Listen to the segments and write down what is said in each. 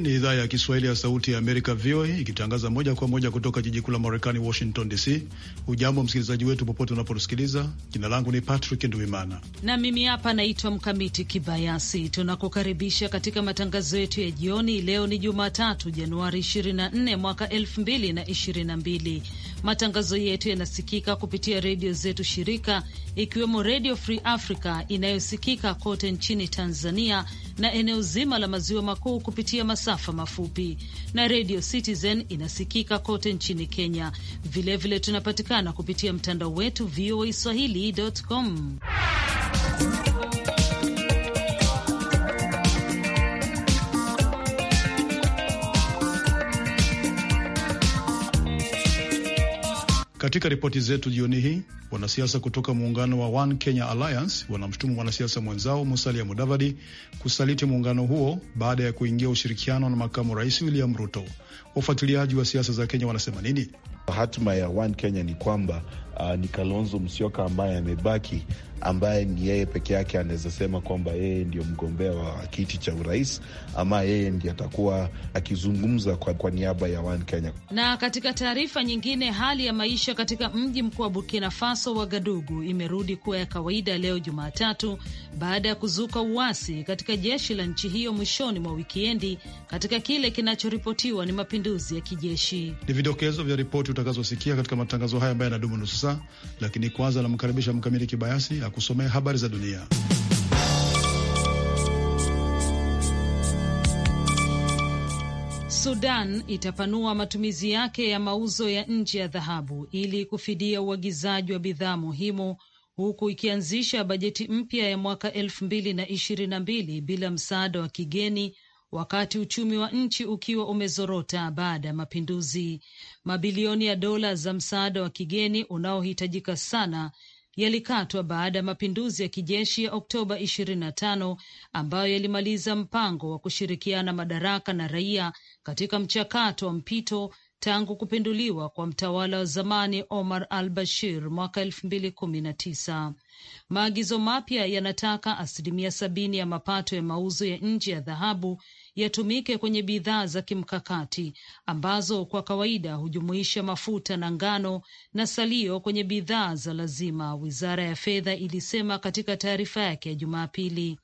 ni idhaa ya Kiswahili ya Sauti ya Amerika, VOA, ikitangaza moja kwa moja kutoka jiji kuu la Marekani, Washington DC. Hujambo msikilizaji wetu popote unapotusikiliza. Jina langu ni Patrick Nduimana na mimi hapa naitwa Mkamiti Kibayasi. Tunakukaribisha katika matangazo yetu ya jioni. Leo ni Jumatatu, Januari 24 mwaka 2022. Matangazo yetu yanasikika kupitia redio zetu shirika, ikiwemo Redio Free Africa inayosikika kote nchini Tanzania na eneo zima la maziwa makuu kupitia masafa mafupi, na Redio Citizen inasikika kote nchini Kenya. Vilevile vile tunapatikana kupitia mtandao wetu VOA swahili.com Katika ripoti zetu jioni hii, wanasiasa kutoka muungano wa One Kenya Alliance wanamshutumu mwanasiasa mwenzao Musalia Mudavadi kusaliti muungano huo baada ya kuingia ushirikiano na makamu rais William Ruto. Wafuatiliaji wa siasa za Kenya wanasema nini? Hatima ya One Kenya ni kwamba uh, ni Kalonzo Musyoka ambaye amebaki, ambaye ni yeye peke yake anaweza sema kwamba yeye ndio mgombea wa kiti cha urais ama yeye ndi atakuwa akizungumza kwa, kwa niaba ya One Kenya. Na katika taarifa nyingine, hali ya maisha katika mji mkuu wa Burkina Faso Wagadugu imerudi kuwa ya kawaida leo Jumatatu baada ya kuzuka uasi katika jeshi la nchi hiyo mwishoni mwa wikiendi katika kile kinachoripotiwa ni mapinduzi ya kijeshi. Ni vidokezo vya ripoti utakazosikia katika matangazo haya ambayo yanadumu nusu saa, lakini kwanza namkaribisha Mkamili Kibayasi akusomea habari za dunia. Sudan itapanua matumizi yake ya mauzo ya nje ya dhahabu ili kufidia uagizaji wa bidhaa muhimu huku ikianzisha bajeti mpya ya mwaka elfu mbili na ishirini na mbili bila msaada wa kigeni wakati uchumi wa nchi ukiwa umezorota baada ya mapinduzi. Mabilioni ya dola za msaada wa kigeni unaohitajika sana yalikatwa baada ya mapinduzi ya kijeshi ya Oktoba 25 ambayo yalimaliza mpango wa kushirikiana madaraka na raia katika mchakato wa mpito tangu kupinduliwa kwa mtawala wa zamani Omar al-Bashir mwaka tisa Maagizo mapya yanataka asilimia sabini ya mapato ya mauzo ya nje ya dhahabu yatumike kwenye bidhaa za kimkakati ambazo kwa kawaida hujumuisha mafuta na ngano na salio kwenye bidhaa za lazima, wizara ya fedha ilisema katika taarifa yake ya Jumapili.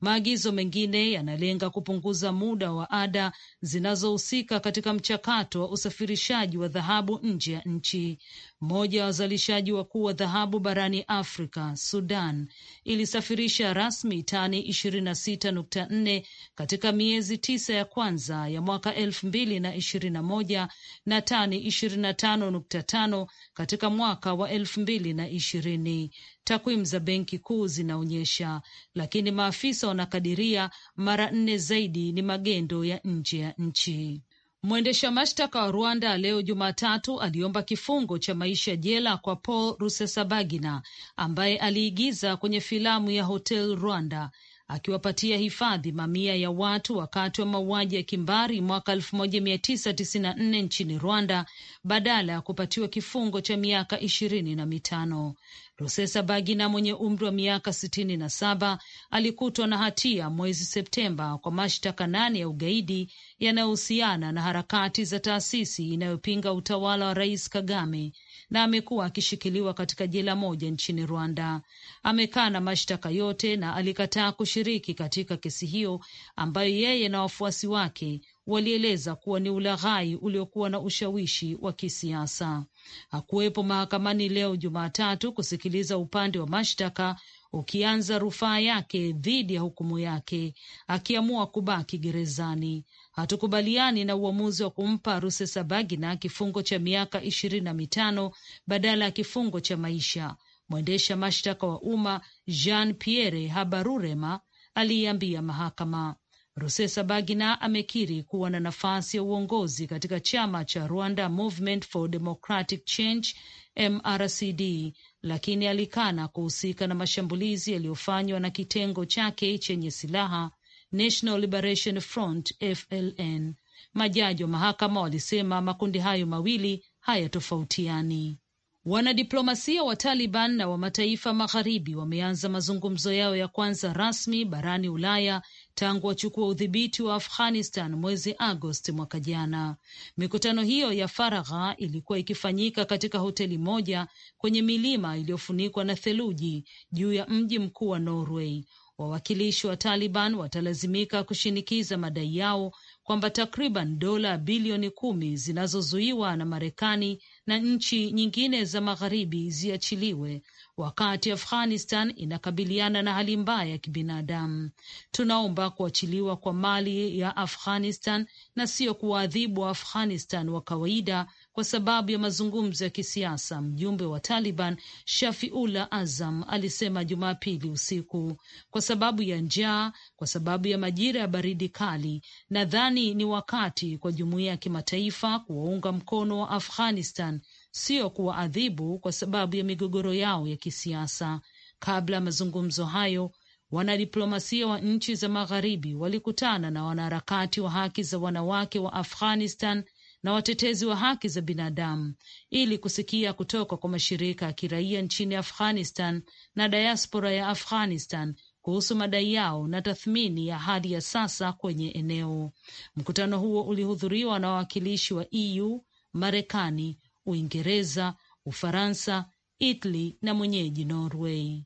Maagizo mengine yanalenga kupunguza muda wa ada zinazohusika katika mchakato wa usafirishaji wa dhahabu nje ya nchi. Mmoja wa wazalishaji wakuu wa dhahabu barani Afrika, Sudan, ilisafirisha rasmi tani 26.4 katika miezi tisa ya kwanza ya mwaka 2021 na na tani 25.5 katika mwaka wa 2020 takwimu za benki kuu zinaonyesha, lakini maafisa wanakadiria mara nne zaidi ni magendo ya nje ya nchi. Mwendesha mashtaka wa Rwanda leo Jumatatu aliomba kifungo cha maisha jela kwa Paul Rusesabagina ambaye aliigiza kwenye filamu ya Hotel Rwanda akiwapatia hifadhi mamia ya watu wakati wa mauaji ya kimbari mwaka 1994 nchini Rwanda badala ya kupatiwa kifungo cha miaka ishirini na mitano. Rusesabagina mwenye umri wa miaka sitini na saba alikutwa na hatia mwezi Septemba kwa mashtaka nane ya ugaidi yanayohusiana na harakati za taasisi inayopinga utawala wa Rais Kagame na amekuwa akishikiliwa katika jela moja nchini Rwanda. Amekaa na mashtaka yote na alikataa kushiriki katika kesi hiyo ambayo yeye na wafuasi wake walieleza kuwa ni ulaghai uliokuwa na ushawishi wa kisiasa hakuwepo mahakamani leo Jumatatu kusikiliza upande wa mashtaka ukianza rufaa yake dhidi ya hukumu yake, akiamua kubaki gerezani. Hatukubaliani na uamuzi wa kumpa Rusesabagina kifungo cha miaka ishirini na mitano badala ya kifungo cha maisha, mwendesha mashtaka wa umma Jean Pierre Habarurema aliiambia mahakama. Rusesabagina amekiri kuwa na nafasi ya uongozi katika chama cha Rwanda Movement for Democratic Change MRCD, lakini alikana kuhusika na mashambulizi yaliyofanywa na kitengo chake chenye silaha National Liberation Front FLN. Majaji wa mahakama walisema makundi hayo mawili hayatofautiani. Wanadiplomasia wa Taliban na wa mataifa magharibi wameanza mazungumzo yao ya kwanza rasmi barani Ulaya tangu wachukua udhibiti wa Afghanistan mwezi Agosti mwaka jana. Mikutano hiyo ya faragha ilikuwa ikifanyika katika hoteli moja kwenye milima iliyofunikwa na theluji juu ya mji mkuu wa Norway. Wawakilishi wa Taliban watalazimika kushinikiza madai yao kwamba takriban dola bilioni kumi zinazozuiwa na Marekani na nchi nyingine za magharibi ziachiliwe wakati Afghanistan inakabiliana na hali mbaya ya kibinadamu. Tunaomba kuachiliwa kwa mali ya Afghanistan na sio kuwaadhibu wa Afghanistan wa kawaida kwa sababu ya mazungumzo ya kisiasa, mjumbe wa Taliban Shafiula Azam alisema Jumapili usiku. Kwa sababu ya njaa, kwa sababu ya majira ya baridi kali, nadhani ni wakati kwa jumuiya ya kimataifa kuwaunga mkono wa Afghanistan sio kuwaadhibu kwa sababu ya migogoro yao ya kisiasa. Kabla ya mazungumzo hayo, wanadiplomasia wa nchi za magharibi walikutana na wanaharakati wa haki za wanawake wa Afghanistan na watetezi wa haki za binadamu ili kusikia kutoka kwa mashirika ya kiraia nchini Afghanistan na diaspora ya Afghanistan kuhusu madai yao na tathmini ya hali ya sasa kwenye eneo. Mkutano huo ulihudhuriwa na wawakilishi wa EU, Marekani, Uingereza, Ufaransa, Italy na mwenyeji Norway.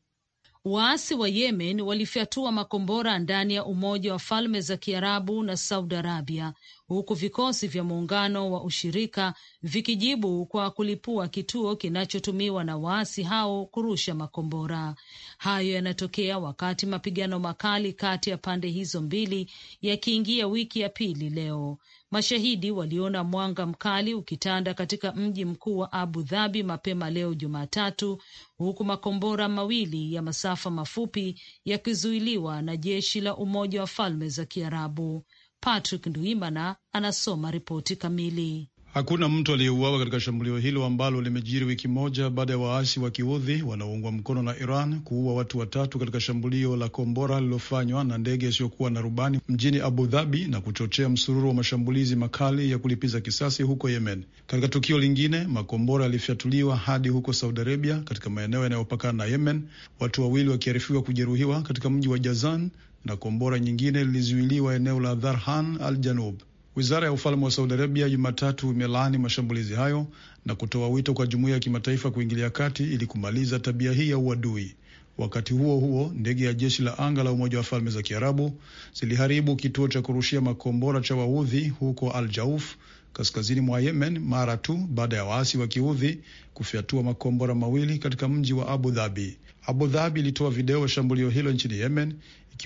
Waasi wa Yemen walifyatua makombora ndani ya Umoja wa Falme za Kiarabu na Saudi Arabia huku vikosi vya muungano wa ushirika vikijibu kwa kulipua kituo kinachotumiwa na waasi hao kurusha makombora. Hayo yanatokea wakati mapigano makali kati ya pande hizo mbili yakiingia wiki ya pili leo. Mashahidi waliona mwanga mkali ukitanda katika mji mkuu wa Abu Dhabi mapema leo Jumatatu, huku makombora mawili ya masafa mafupi yakizuiliwa na jeshi la Umoja wa Falme za Kiarabu. Patrick nduimana anasoma ripoti kamili. Hakuna mtu aliyeuawa katika shambulio hilo ambalo limejiri wiki moja baada ya waasi wa kiudhi wanaoungwa mkono na Iran kuua watu watatu katika shambulio la kombora lililofanywa na ndege isiyokuwa na rubani mjini Abu Dhabi na kuchochea msururu wa mashambulizi makali ya kulipiza kisasi huko Yemen. Katika tukio lingine, makombora yalifyatuliwa hadi huko Saudi Arabia katika maeneo yanayopakana na Yemen, watu wawili wakiarifiwa kujeruhiwa katika mji wa Jazan na kombora nyingine lilizuiliwa eneo la Dharhan al Janub. Wizara ya ufalme wa Saudi Arabia Jumatatu imelaani mashambulizi hayo na kutoa wito kwa jumuiya ya kimataifa kuingilia kati ili kumaliza tabia hii ya uadui. Wakati huo huo, ndege ya jeshi la anga la Umoja wa Falme za Kiarabu ziliharibu kituo cha kurushia makombora cha Waudhi huko Al Jauf, kaskazini mwa Yemen, mara tu baada ya waasi wa Kiudhi kufyatua makombora mawili katika mji wa Abu Dhabi. Abu Dhabi ilitoa video ya shambulio hilo nchini Yemen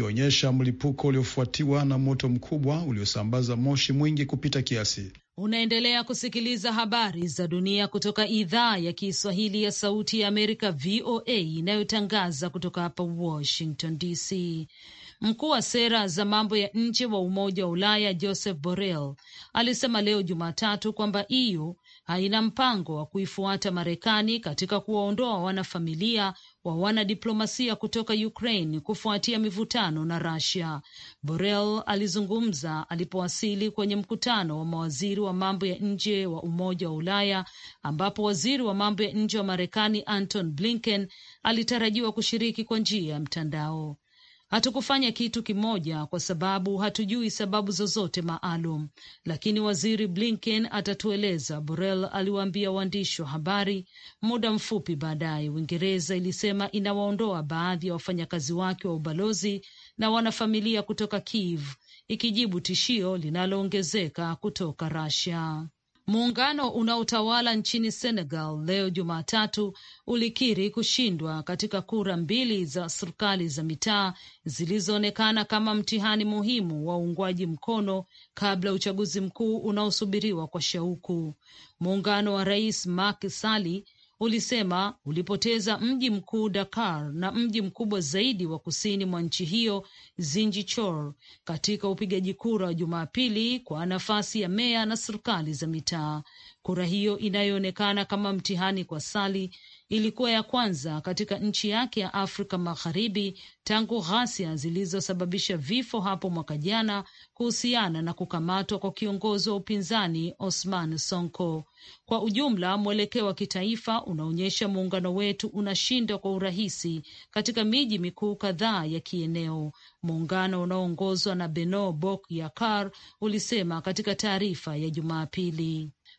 ikionyesha mlipuko uliofuatiwa na moto mkubwa uliosambaza moshi mwingi kupita kiasi. Unaendelea kusikiliza habari za dunia kutoka idhaa ya Kiswahili ya Sauti ya Amerika, VOA, inayotangaza kutoka hapa Washington DC. Mkuu wa sera za mambo ya nje wa Umoja wa Ulaya Joseph Borrell alisema leo Jumatatu kwamba EU haina mpango wa kuifuata Marekani katika kuwaondoa wanafamilia wa wanadiplomasia kutoka Ukraine kufuatia mivutano na Russia. Borrell alizungumza alipowasili kwenye mkutano wa mawaziri wa mambo ya nje wa Umoja wa Ulaya ambapo waziri wa mambo ya nje wa Marekani Anton Blinken alitarajiwa kushiriki kwa njia ya mtandao hatukufanya kitu kimoja kwa sababu hatujui sababu zozote maalum, lakini waziri Blinken atatueleza, Borrell aliwaambia waandishi wa habari. Muda mfupi baadaye, Uingereza ilisema inawaondoa baadhi ya wafanyakazi wake wa ubalozi na wanafamilia kutoka Kiev, ikijibu tishio linaloongezeka kutoka Russia. Muungano unaotawala nchini Senegal leo Jumatatu ulikiri kushindwa katika kura mbili za serikali za mitaa zilizoonekana kama mtihani muhimu wa uungwaji mkono kabla uchaguzi mkuu unaosubiriwa kwa shauku. Muungano wa Rais Macky Sall ulisema ulipoteza mji mkuu Dakar na mji mkubwa zaidi wa kusini mwa nchi hiyo Zinjichor katika upigaji kura wa Jumapili kwa nafasi ya meya na serikali za mitaa. Kura hiyo inayoonekana kama mtihani kwa Sali ilikuwa ya kwanza katika nchi yake ya Afrika Magharibi tangu ghasia zilizosababisha vifo hapo mwaka jana kuhusiana na kukamatwa kwa kiongozi wa upinzani Osman Sonko. Kwa ujumla, mwelekeo wa kitaifa unaonyesha muungano wetu unashinda kwa urahisi katika miji mikuu kadhaa ya kieneo, muungano unaoongozwa na Beno Bok Yakar ulisema katika taarifa ya Jumapili.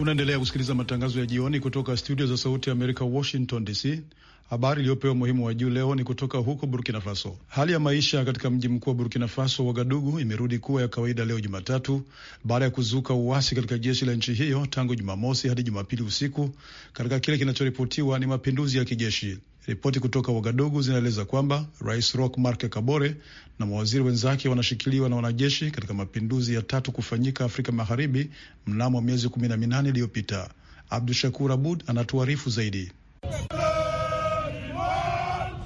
Unaendelea kusikiliza matangazo ya jioni kutoka studio za Sauti ya Amerika, Washington DC. Habari iliyopewa umuhimu wa juu leo ni kutoka huko Burkina Faso. Hali ya maisha katika mji mkuu wa Burkina Faso, Wagadugu, imerudi kuwa ya kawaida leo Jumatatu baada ya kuzuka uasi katika jeshi la nchi hiyo tangu Jumamosi hadi Jumapili usiku katika kile kinachoripotiwa ni mapinduzi ya kijeshi. Ripoti kutoka Wagadugu zinaeleza kwamba rais rok Mark Kabore na mawaziri wenzake wanashikiliwa na wanajeshi katika mapinduzi ya tatu kufanyika Afrika Magharibi mnamo miezi kumi na minane iliyopita. Abdu Shakur Abud anatuarifu zaidi.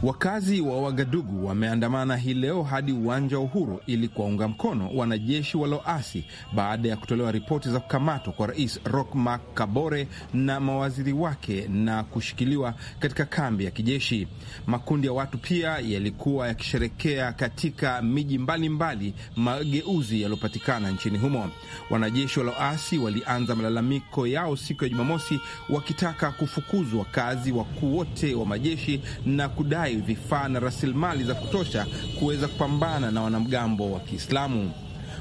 Wakazi wa Wagadugu wameandamana hii leo hadi uwanja wa Uhuru ili kuwaunga mkono wanajeshi walioasi baada ya kutolewa ripoti za kukamatwa kwa Rais Roch Marc Kabore na mawaziri wake na kushikiliwa katika kambi ya kijeshi. Makundi ya watu pia yalikuwa yakisherekea katika miji mbalimbali mageuzi yaliyopatikana nchini humo. Wanajeshi walioasi walianza malalamiko yao siku ya Jumamosi wakitaka kufukuzwa kazi wakuu wote wa majeshi na kudai hai vifaa na rasilimali za kutosha kuweza kupambana na wanamgambo wa Kiislamu.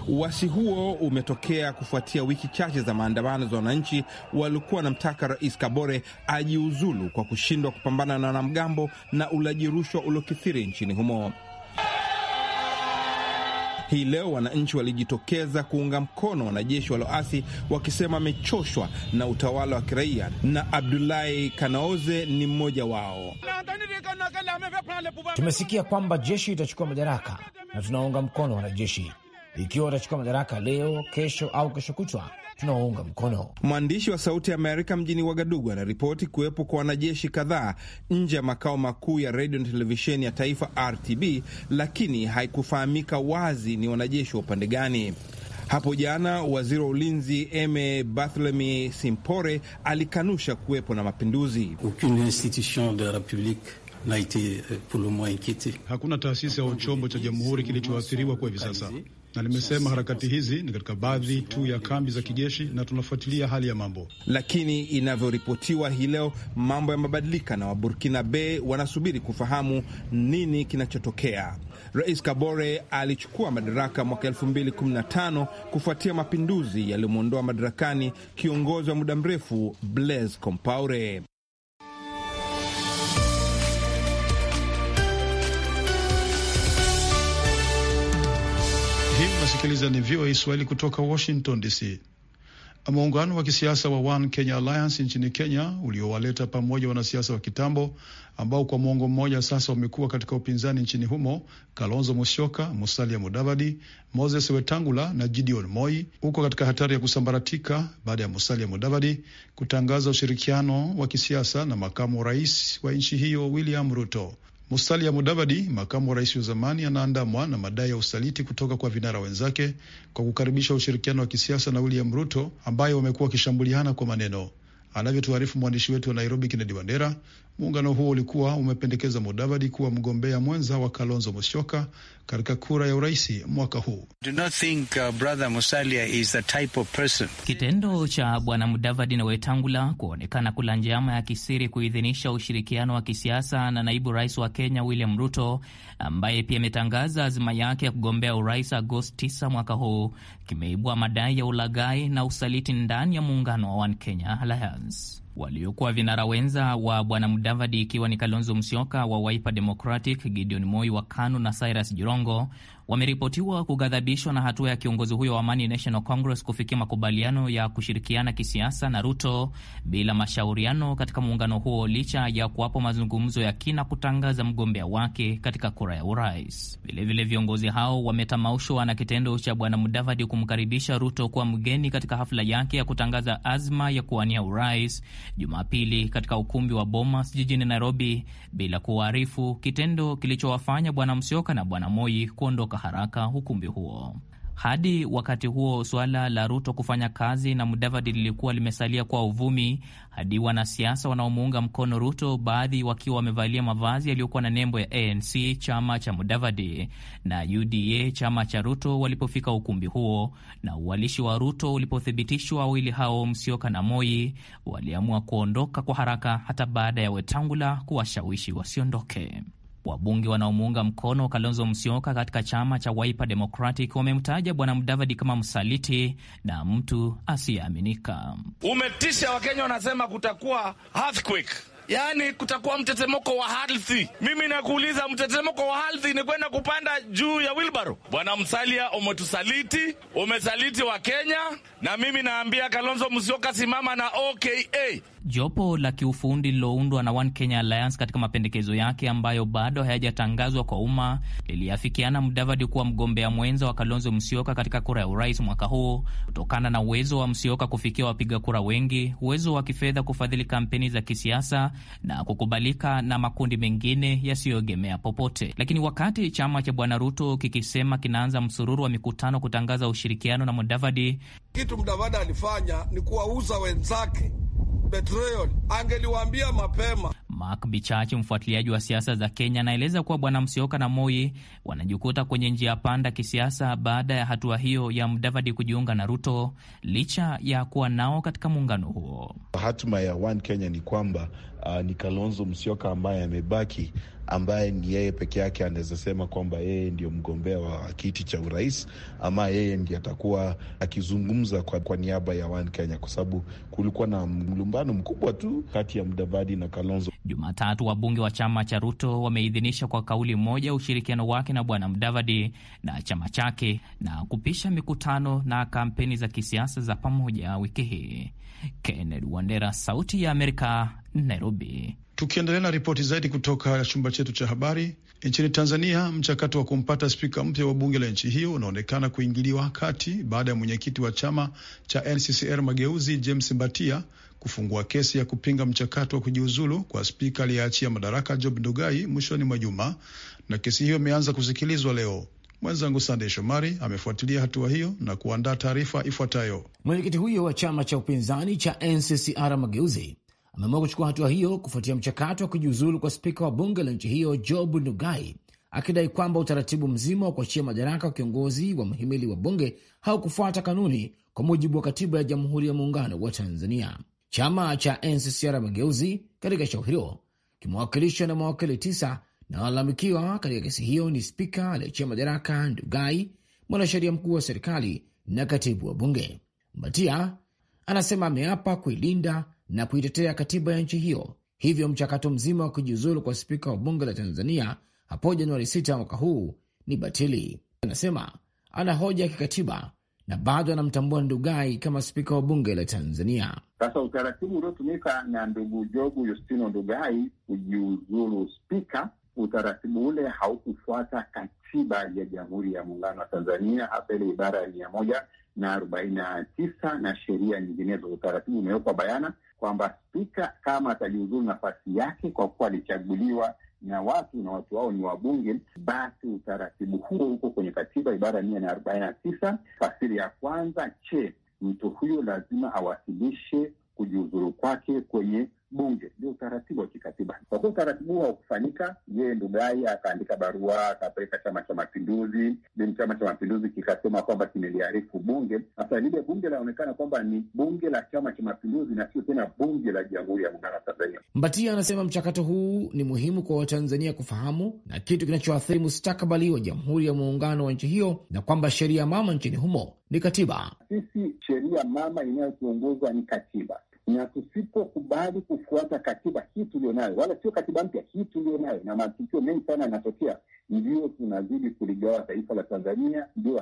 Uasi huo umetokea kufuatia wiki chache za maandamano za wananchi waliokuwa wanamtaka Rais Kabore ajiuzulu kwa kushindwa kupambana na wanamgambo na ulaji rushwa uliokithiri nchini humo. Hii leo wananchi walijitokeza kuunga mkono wanajeshi walioasi wakisema wamechoshwa na utawala wa kiraia, na Abdulahi Kanaoze ni mmoja wao. Tumesikia kwamba jeshi itachukua madaraka na tunaunga mkono wanajeshi ikiwa watachukua madaraka leo, kesho au kesho kutwa, tunawaunga mkono. Mwandishi wa Sauti ya Amerika mjini Wagadugu anaripoti kuwepo kwa wanajeshi kadhaa nje ya makao makuu ya redio na televisheni ya taifa RTB, lakini haikufahamika wazi ni wanajeshi wa upande gani. Hapo jana waziri wa ulinzi M Barthelemy Simpore alikanusha kuwepo na mapinduzi. Euh, Hakuna taasisi au chombo cha jamhuri kilichoathiriwa kwa hivi sasa na limesema harakati hizi ni katika baadhi tu ya kambi za kijeshi na tunafuatilia hali ya mambo. Lakini inavyoripotiwa hii leo, mambo yamebadilika na waburkina be wanasubiri kufahamu nini kinachotokea. Rais Kabore alichukua madaraka mwaka 2015 kufuatia mapinduzi yaliyomwondoa madarakani kiongozi wa muda mrefu Blaise Compaore. hii unasikiliza ni VOA Swahili kutoka Washington DC. Muungano wa kisiasa wa One Kenya Alliance nchini Kenya uliowaleta pamoja wanasiasa wa kitambo ambao kwa mwongo mmoja sasa wamekuwa katika upinzani nchini humo, Kalonzo Musyoka, Musalia Mudavadi, Moses Wetangula na Gideon Moi, uko katika hatari ya kusambaratika baada ya Musalia Mudavadi kutangaza ushirikiano wa kisiasa na makamu rais wa nchi hiyo William Ruto. Musalia Mudavadi, makamu wa rais wa zamani, anaandamwa na madai ya usaliti kutoka kwa vinara wenzake kwa kukaribisha ushirikiano wa kisiasa na William Ruto ambaye wamekuwa wakishambuliana kwa maneno. Anavyotuarifu mwandishi wetu wa Nairobi, Kennedy Wandera. Muungano huo ulikuwa umependekeza Mudavadi kuwa mgombea mwenza wa Kalonzo Musyoka katika kura ya uraisi mwaka huu. Uh, kitendo cha bwana Mudavadi na Wetangula kuonekana kula njama ya kisiri kuidhinisha ushirikiano wa kisiasa na naibu rais wa Kenya William Ruto, ambaye pia ametangaza azima yake ya kugombea urais Agosti 9 mwaka huu, kimeibua madai ya ulaghai na usaliti ndani ya muungano wa One Kenya Alliance waliokuwa vinara wenza wa bwana Mudavadi ikiwa ni Kalonzo Musyoka wa Wiper Democratic, Gideon Moi wa KANU na Cyrus Jirongo wameripotiwa kughadhabishwa na hatua ya kiongozi huyo wa Amani National Congress kufikia makubaliano ya kushirikiana kisiasa na Ruto bila mashauriano katika muungano huo licha ya kuwapo mazungumzo ya kina kutangaza mgombea wake katika kura ya urais. Vilevile viongozi hao wametamaushwa na kitendo cha Bwana Mudavadi kumkaribisha Ruto kuwa mgeni katika hafla yake ya kutangaza azma ya kuwania urais Jumapili katika ukumbi wa Bomas jijini Nairobi bila kuwaarifu, kitendo kilichowafanya Bwana Msioka na Bwana Moi kuondoka haraka ukumbi huo. Hadi wakati huo suala la Ruto kufanya kazi na Mudavadi lilikuwa limesalia kwa uvumi, hadi wanasiasa wanaomuunga mkono Ruto, baadhi wakiwa wamevalia mavazi yaliyokuwa na nembo ya ANC, chama cha Mudavadi, na UDA, chama cha Ruto, walipofika ukumbi huo na uwalishi wa Ruto ulipothibitishwa, wawili hao, Msioka na Moi, waliamua kuondoka kwa haraka, hata baada ya Wetangula kuwashawishi wasiondoke. Wabunge wanaomuunga mkono Kalonzo Musyoka katika chama cha Wiper Democratic wamemtaja Bwana Mudavadi kama msaliti na mtu asiyeaminika. Umetisha Wakenya, wanasema kutakuwa earthquake. Yaani kutakuwa mtetemeko wa ardhi. Mimi nakuuliza, mtetemeko wa ardhi ni kwenda kupanda juu ya wilbaro? Bwana Msalia, umetusaliti, umesaliti wa Kenya, na mimi naambia Kalonzo Musyoka, simama na OKA Jopo la kiufundi lililoundwa na One Kenya Alliance katika mapendekezo yake ambayo bado hayajatangazwa kwa umma liliafikiana Mudavadi kuwa mgombea mwenza wa Kalonzo Musyoka katika kura ya urais mwaka huu kutokana na uwezo wa Musyoka kufikia wapiga kura wengi, uwezo wa kifedha kufadhili kampeni za kisiasa na kukubalika na makundi mengine yasiyoegemea popote. Lakini wakati chama cha Bwana Ruto kikisema kinaanza msururu wa mikutano kutangaza ushirikiano na Mudavadi, kitu Mudavadi alifanya ni kuwauza wenzake betrayal, angeliwaambia mapema. Mark Bichachi, mfuatiliaji wa siasa za Kenya, anaeleza kuwa bwana Msioka na Moi wanajikuta kwenye njia panda kisiasa baada ya hatua hiyo ya mdavadi kujiunga na Ruto licha ya kuwa nao katika muungano huo. Hatima ya One Kenya ni kwamba uh, ni Kalonzo Msioka ambaye amebaki ambaye ni yeye peke yake anaweza sema kwamba yeye ndio mgombea wa kiti cha urais ama yeye ndiye atakuwa akizungumza kwa, kwa niaba ya One Kenya, kwa sababu kulikuwa na mlumbano mkubwa tu kati ya mdavadi na Kalonzo. Jumatatu wabunge wa chama cha Ruto wameidhinisha kwa kauli moja ushirikiano wake na bwana mdavadi na chama chake na kupisha mikutano na kampeni za kisiasa za pamoja wiki hii. Kennedy Wandera, Sauti ya Amerika, Nairobi. Tukiendelea na ripoti zaidi kutoka chumba chetu cha habari, nchini Tanzania, mchakato wa kumpata spika mpya wa bunge la nchi hiyo unaonekana kuingiliwa kati baada ya mwenyekiti wa chama cha NCCR Mageuzi, James Mbatia, kufungua kesi ya kupinga mchakato wa kujiuzulu kwa spika aliyeachia madaraka Job Ndugai mwishoni mwa juma, na kesi hiyo imeanza kusikilizwa leo. Mwenzangu Sandey Shomari amefuatilia hatua hiyo na kuandaa taarifa ifuatayo. Mwenyekiti huyo wa chama cha upinzani cha NCCR Mageuzi ameamua kuchukua hatua hiyo kufuatia mchakato wa kujiuzulu kwa spika wa bunge la nchi hiyo Job Ndugai, akidai kwamba utaratibu mzima wa kuachia madaraka wa kiongozi wa mhimili wa bunge haukufuata kanuni kwa mujibu wa katiba ya Jamhuri ya Muungano wa Tanzania. Chama cha NCCR Mageuzi katika shauri hilo kimewakilishwa na mawakili tisa na walalamikiwa katika kesi hiyo ni spika aliyeachia madaraka Ndugai, mwanasheria mkuu wa serikali na katibu wa bunge. Mbatia anasema ameapa kuilinda na kuitetea katiba ya nchi hiyo. Hivyo mchakato mzima wa kujiuzulu kwa spika wa bunge la Tanzania hapo Januari 6 mwaka huu ni batili. Anasema ana hoja ya kikatiba na bado anamtambua Ndugai kama spika wa bunge la Tanzania. Sasa utaratibu uliotumika na ndugu Jobu Yustino Ndugai kujiuzulu spika, utaratibu ule haukufuata katiba ya Jamhuri ya Muungano wa Tanzania, hasa ile ibara ya mia moja na arobaini na tisa na sheria nyinginezo. Utaratibu umewekwa bayana kwamba spika kama atajiuzuru nafasi yake kwa kuwa alichaguliwa na watu na watu wao ni wabunge, basi utaratibu huo huko kwenye katiba, ibara mia na arobaini na tisa fasiri ya kwanza, che mtu huyo lazima awasilishe kujiuzuru kwake kwenye bunge, ndio utaratibu wa kikatiba. Kwa kuwa utaratibu huu haukufanyika, yeye Ndugai akaandika barua akapeleka Chama cha Mapinduzi, then Chama cha Mapinduzi kikasema kwamba kimeliarifu bunge. Sasa lile bunge laonekana kwamba ni bunge la Chama cha Mapinduzi na sio tena bunge la Jamhuri ya Muungano wa Tanzania. Mbatia anasema mchakato huu ni muhimu kwa Watanzania kufahamu na kitu kinachoathiri mustakabali wa Jamhuri ya Muungano wa nchi hiyo, na kwamba sheria mama nchini humo ni katiba. Sisi sheria mama inayotuongozwa ni katiba na tusipokubali kufuata katiba hii tulionayo, wala sio katiba mpya hii tulionayo, na matukio mengi sana yanatokea, ndio tunazidi kuligawa taifa la Tanzania, ndio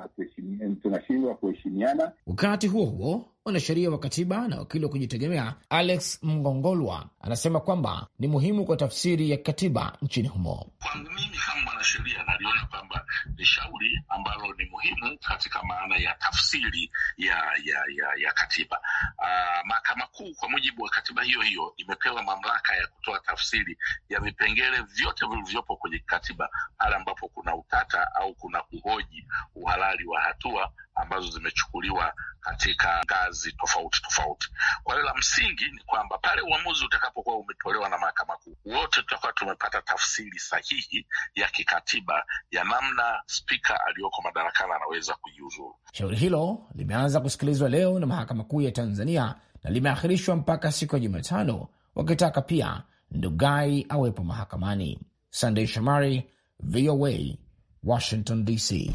tunashindwa kuheshimiana. Wakati huo huo, Mwanasheria wa katiba na wakili wa kujitegemea Alex mgongolwa anasema kwamba ni muhimu kwa tafsiri ya katiba nchini humo. Kwangu mimi kama mwanasheria, naliona kwamba ni shauri ambalo ni muhimu katika maana ya tafsiri ya ya ya, ya katiba. Uh, mahakama kuu kwa mujibu wa katiba hiyo hiyo imepewa mamlaka ya kutoa tafsiri ya vipengele vyote vilivyopo kwenye katiba pale ambapo kuna utata au kuna kuhoji uhalali wa hatua ambazo zimechukuliwa katika ngazi tofauti tofauti. Kwa hiyo la msingi ni kwamba pale uamuzi utakapokuwa umetolewa na mahakama kuu, wote tutakuwa tumepata tafsiri sahihi ya kikatiba ya namna spika aliyoko madarakani anaweza kujiuzuru. Shauri hilo limeanza kusikilizwa leo na mahakama kuu ya Tanzania na limeahirishwa mpaka siku ya Jumatano, wakitaka pia Ndugai awepo mahakamani. Sandey Shomari, VOA, Washington DC.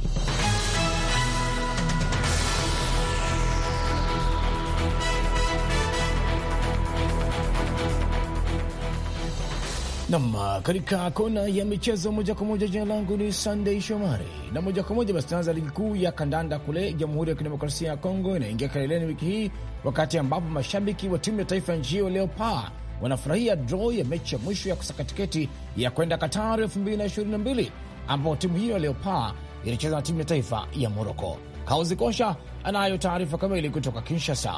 Nam, uh, katika kona ya michezo moja kwa moja, jina langu ni Sunday Shomari na moja kwa moja basi tunaanza ligi kuu ya kandanda kule Jamhuri ya Kidemokrasia ya Kongo inaingia kileleni wiki hii, wakati ambapo mashabiki wa timu ya taifa ya nchi hiyo Leopards wanafurahia draw ya mechi ya mwisho ya kusaka tiketi ya kwenda Qatar 2022 ambapo timu hiyo ya Leopards ilicheza na timu ya taifa ya Moroko. Kauzi Kosha anayo taarifa kamili kutoka Kinshasa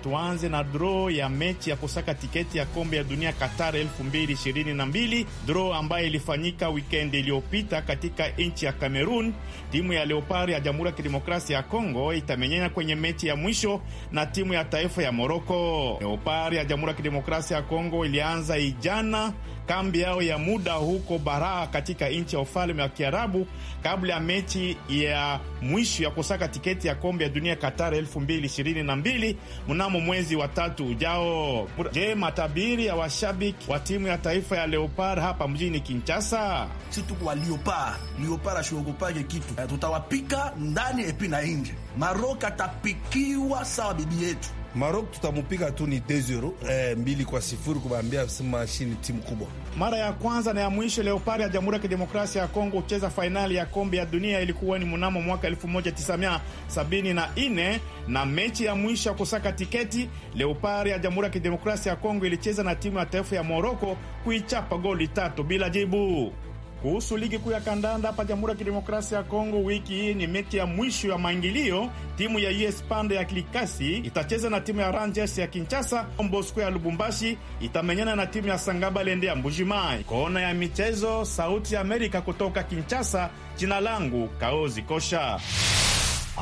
tuanze na draw ya mechi ya kusaka tiketi ya kombe ya dunia Qatar 2022 draw ambayo ilifanyika wikendi iliyopita katika nchi ya Cameroon. Timu ya Leopard ya Jamhuri ya Kidemokrasia ya Kongo itamenyana kwenye mechi ya mwisho na timu ya taifa ya Moroko. Leopard ya Jamhuri ya Kidemokrasia ya Kongo ilianza ijana kambi yao ya muda huko Baraa katika nchi ya ufalme wa Kiarabu kabla ya mechi ya mwisho ya kusaka tiketi ya kombe ya dunia Qatar 2022 mnamo mwezi wa tatu ujao. Je, matabiri ya washabiki wa timu ya taifa ya Leopard hapa mjini Kinshasa? Si tukuwa Leopard, Leopard kitu, eh, tutawapika ndani epi na nje. Maroka atapikiwa sawa bibi yetu Maroc tutamupiga tu ni 2-0 eh, mbili kwa sifuri kubaambia sima shini timu kubwa. Mara ya kwanza na ya mwisho Leopard ya Jamhuri ya Kidemokrasia ya Kongo hucheza fainali ya kombe ya dunia ilikuwa ni mnamo mwaka 1974 na, na mechi ya mwisho ya kusaka tiketi Leopard ya Jamhuri ya Kidemokrasia ya Kongo ilicheza na timu ya taifa ya Moroko kuichapa goli tatu bila jibu. Kuhusu ligi kuu ya kandanda hapa Jamhuri ya Kidemokrasia ya Kongo, wiki hii ni mechi ya mwisho ya maingilio. Timu ya US pando ya Kilikasi itacheza na timu ya Rangers ya Kinshasa. Mbosko ya Lubumbashi itamenyana na timu ya Sangabalende ya Mbujimai. Kona ya michezo, Sauti ya Amerika kutoka Kinshasa. Jina langu Kaozi Kosha.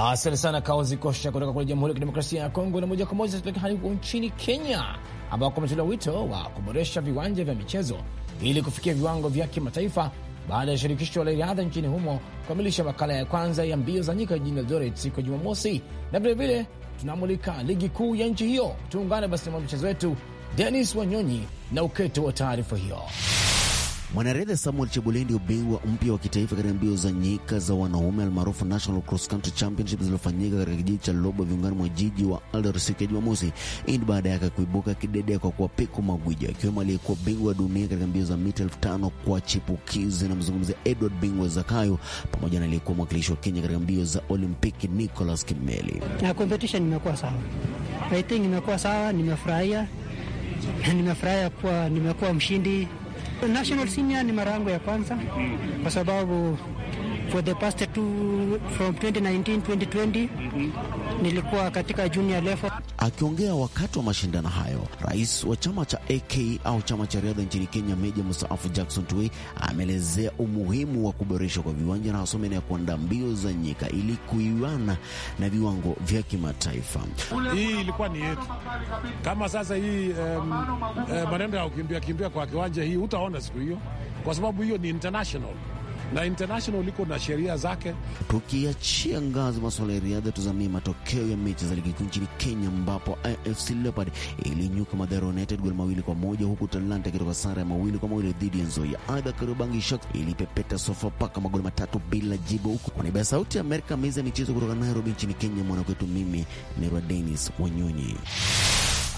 Asante sana Kaozi Kosha kutoka kule Jamhuri ya Kidemokrasia ya Kongo. Na moja kwa moja tupeleka hadi nchini Kenya ambako kumetolewa wito wa kuboresha viwanja vya michezo ili kufikia viwango vya kimataifa baada ya shirikisho la riadha nchini humo kukamilisha makala ya kwanza ya mbio za nyika jijini Eldoret siku ya Jumamosi, na vilevile tunamulika ligi kuu ya nchi hiyo. Tuungane basi na mwanamchezo wetu Denis Wanyonyi na uketo wa taarifa hiyo. Mwanariadha Samuel Chebulendi, ubingwa mpya wa kitaifa katika mbio za nyika za wanaume almaarufu National Cross Country Championship zilizofanyika katika kijiji cha Lobo viungani mwa jiji wa Eldoret siku ya Jumamosi. Hii ni baada yake kuibuka kidede kwa kuwapiku magwiji akiwemo aliyekuwa bingwa wa dunia katika mbio za mita elfu tano kwa chipukizi, namzungumzia Edward Bingwa Zakayo, pamoja na aliyekuwa mwakilishi wa Kenya katika mbio za Olimpiki Nicholas Kimeli. Na competition imekuwa sawa, I think imekuwa sawa, nimefurahia, nimefurahia kuwa nimekuwa mshindi National Senior ni mara yangu ya kwanza, kwa sababu For the past two, from 2019, 2020, mm -hmm. nilikuwa katika junior level. Akiongea wakati wa mashindano hayo, rais wa chama cha AK au chama cha riadha nchini Kenya, Meja mstaafu Jackson Tui ameelezea umuhimu wa kuboreshwa kwa viwanja na hasa ya kuandaa mbio za nyika ili kuiwana na viwango vya kimataifa. Hii ilikuwa ni yetu kama sasa hii um, uh, maneno ya kukimbia kimbia kwa kiwanja hii utaona siku hiyo, kwa sababu hiyo ni international na international liko na sheria zake. Tukiachia ngazi masuala ya riadha, tuzamie matokeo ya mechi za ligi kuu nchini Kenya, ambapo AFC Leopard ilinyuka Mathare United goli mawili kwa moja huku Talanta ikitoka sare ya mawili kwa mawili dhidi ya Nzoia. Aidha, Kariobangi Sharks ilipepeta Sofapaka magoli matatu bila jibu, huku kwa niaba ya Sauti ya Amerika, meza ya michezo kutoka Nairobi nchini Kenya, mwanakwetu mimi ni Rwa Wanyonyi.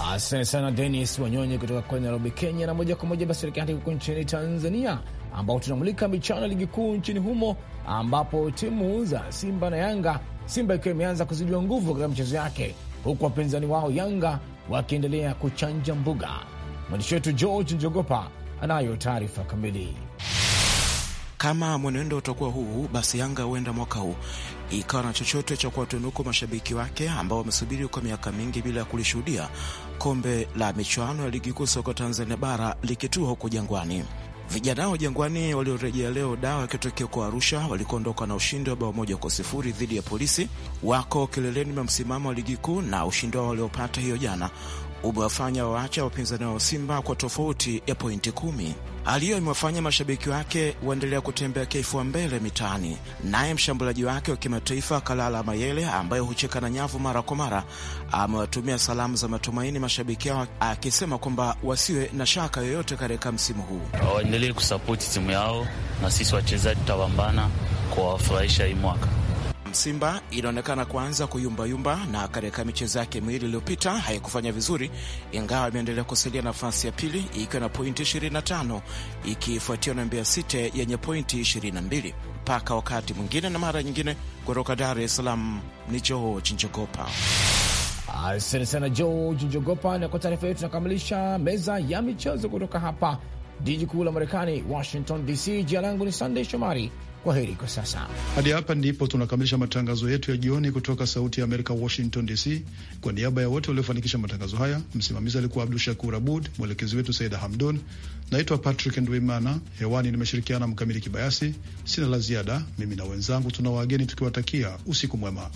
Asante sana Denis Wanyonyi kutoka kule Nairobi, Kenya. Na moja kwa moja basi tuelekea huko nchini Tanzania, ambao tunamulika michano ligi kuu nchini humo, ambapo timu za Simba na Yanga, Simba ikiwa imeanza kuzijua nguvu katika michezo yake, huku wapinzani wao Yanga wakiendelea kuchanja mbuga. Mwandishi wetu George Njogopa anayo taarifa kamili. Kama mwenendo utakuwa huu basi Yanga huenda mwaka huu ikawa na chochote cha kuwatunuku mashabiki wake ambao wamesubiri kwa miaka mingi bila ya kulishuhudia kombe la michuano ya ligi kuu soka Tanzania bara likitua huko Jangwani. Vijana wa Jangwani waliorejea leo dawa yakitokea kwa Arusha walikuondoka na ushindi wa bao moja kwa sifuri dhidi ya Polisi, wako kileleni mwa msimamo wa ligi kuu na ushindi wao waliopata hiyo jana umewafanya waacha wapinzani wa Simba kwa tofauti ya pointi kumi. Hali hiyo imewafanya mashabiki wake waendelea kutembea kifua mbele mitaani. Naye mshambuliaji wake wa kimataifa Kalala Mayele, ambaye hucheka na nyavu mara kwa mara, amewatumia salamu za matumaini mashabiki hao, akisema kwamba wasiwe na shaka yoyote katika msimu huu, waendelee kusapoti timu yao na sisi wachezaji tutapambana kuwafurahisha hii mwaka. Simba inaonekana kuanza kuyumbayumba na katika michezo yake miwili iliyopita haikufanya vizuri, ingawa imeendelea kusalia nafasi ya pili ikiwa na pointi 25 ikifuatiwa na Mbeya City yenye pointi 22. Mpaka wakati mwingine na mara nyingine, kutoka Dar es Salaam ni George Njogopa. Asante sana George Njogopa, na kwa taarifa yetu tunakamilisha meza ya michezo kutoka hapa jiji kuu la Marekani, Washington DC. Jina langu ni Sandey Shomari. Kwa heri kwa sasa. Hadi hapa ndipo tunakamilisha matangazo yetu ya jioni kutoka Sauti ya Amerika, Washington DC. Kwa niaba ya wote waliofanikisha matangazo haya, msimamizi alikuwa Abdu Shakur Abud, mwelekezi wetu Saida Hamdun. Naitwa Patrick Ndwimana, hewani nimeshirikiana Mkamili Kibayasi. Sina la ziada, mimi na wenzangu tuna wageni tukiwatakia usiku mwema.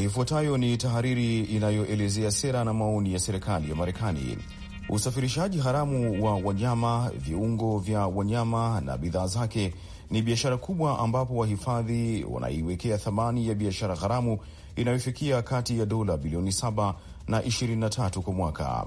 Ifuatayo ni tahariri inayoelezea sera na maoni ya serikali ya Marekani. Usafirishaji haramu wa wanyama, viungo vya wanyama na bidhaa zake ni biashara kubwa ambapo wahifadhi wanaiwekea thamani ya biashara haramu inayofikia kati ya dola bilioni 7 na 23 kwa mwaka.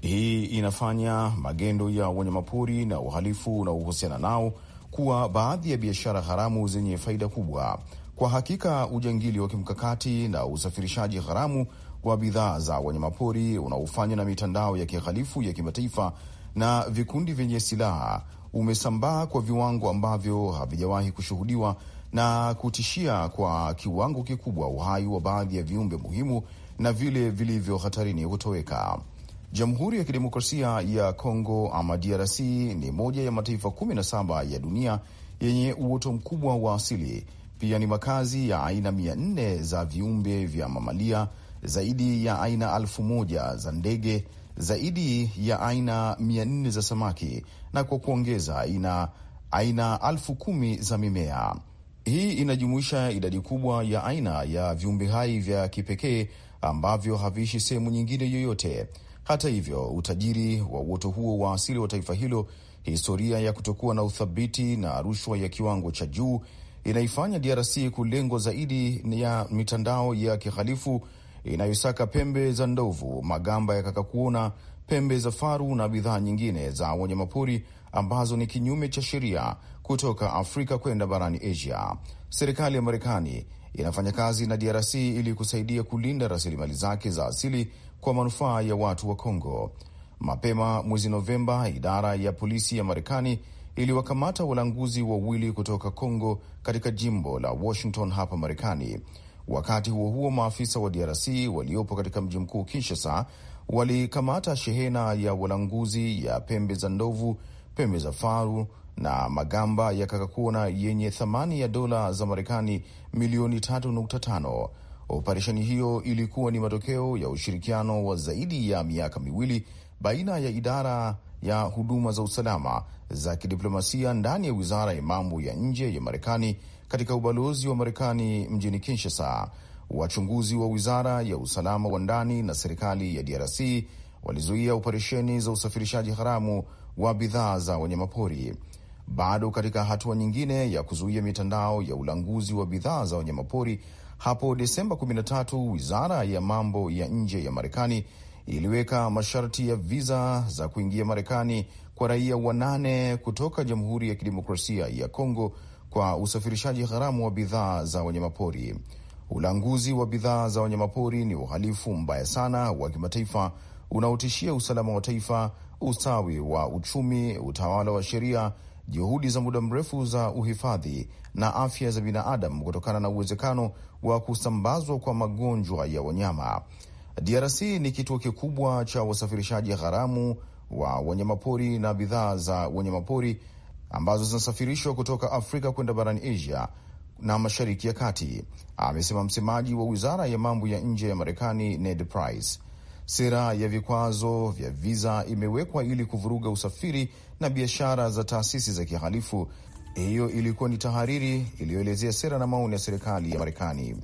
Hii inafanya magendo ya wanyamapori na uhalifu unaohusiana nao kuwa baadhi ya biashara haramu zenye faida kubwa. Kwa hakika ujangili wa kimkakati na usafirishaji haramu wa bidhaa za wanyamapori unaofanywa na mitandao ya kihalifu ya kimataifa na vikundi vyenye silaha umesambaa kwa viwango ambavyo havijawahi kushuhudiwa na kutishia kwa kiwango kikubwa uhai wa baadhi ya viumbe muhimu na vile vilivyo hatarini kutoweka. Jamhuri ya Kidemokrasia ya Kongo ama DRC ni moja ya mataifa 17 ya dunia yenye uoto mkubwa wa asili pia ni makazi ya aina mia nne za viumbe vya mamalia, zaidi ya aina elfu moja za ndege, zaidi ya aina mia nne za samaki na kwa kuongeza ina aina elfu kumi za mimea. Hii inajumuisha idadi kubwa ya aina ya viumbe hai vya kipekee ambavyo haviishi sehemu nyingine yoyote. Hata hivyo, utajiri wa uoto huo wa asili wa taifa hilo, historia ya kutokuwa na uthabiti na rushwa ya kiwango cha juu inaifanya DRC kulengwa zaidi ya mitandao ya kihalifu inayosaka pembe za ndovu, magamba ya kakakuona, pembe za faru na bidhaa nyingine za wanyamapori ambazo ni kinyume cha sheria kutoka Afrika kwenda barani Asia. Serikali ya Marekani inafanya kazi na DRC ili kusaidia kulinda rasilimali zake za asili kwa manufaa ya watu wa Kongo. Mapema mwezi Novemba, idara ya polisi ya Marekani iliwakamata walanguzi wawili kutoka Congo katika jimbo la Washington hapa Marekani. Wakati huo huo, maafisa wa DRC waliopo katika mji mkuu Kinshasa walikamata shehena ya walanguzi ya pembe za ndovu, pembe za faru na magamba ya kakakuona yenye thamani ya dola za Marekani milioni 3.5. Operesheni hiyo ilikuwa ni matokeo ya ushirikiano wa zaidi ya miaka miwili baina ya idara ya huduma za usalama za kidiplomasia ndani ya wizara ya mambo ya nje ya Marekani katika ubalozi wa Marekani mjini Kinshasa. Wachunguzi wa wizara ya usalama wa ndani na serikali ya DRC walizuia operesheni za usafirishaji haramu wa bidhaa za wanyamapori. Bado katika hatua nyingine ya kuzuia mitandao ya ulanguzi wa bidhaa za wanyamapori, hapo Desemba 13 wizara ya mambo ya nje ya Marekani iliweka masharti ya viza za kuingia Marekani kwa raia wanane kutoka Jamhuri ya Kidemokrasia ya Kongo kwa usafirishaji haramu wa bidhaa za wanyamapori. Ulanguzi wa bidhaa za wanyamapori ni uhalifu mbaya sana wa kimataifa unaotishia usalama wa taifa, ustawi wa uchumi, utawala wa sheria, juhudi za muda mrefu za uhifadhi na afya za binadamu, kutokana na uwezekano wa kusambazwa kwa magonjwa ya wanyama. DRC ni kituo kikubwa cha wasafirishaji haramu wa wanyamapori na bidhaa za wanyamapori ambazo zinasafirishwa kutoka Afrika kwenda barani Asia na Mashariki ya Kati, amesema msemaji wa wizara ya mambo ya nje ya Marekani Ned Price. Sera ya vikwazo vya viza imewekwa ili kuvuruga usafiri na biashara za taasisi za kihalifu. Hiyo ilikuwa ni tahariri iliyoelezea sera na maoni ya serikali ya Marekani.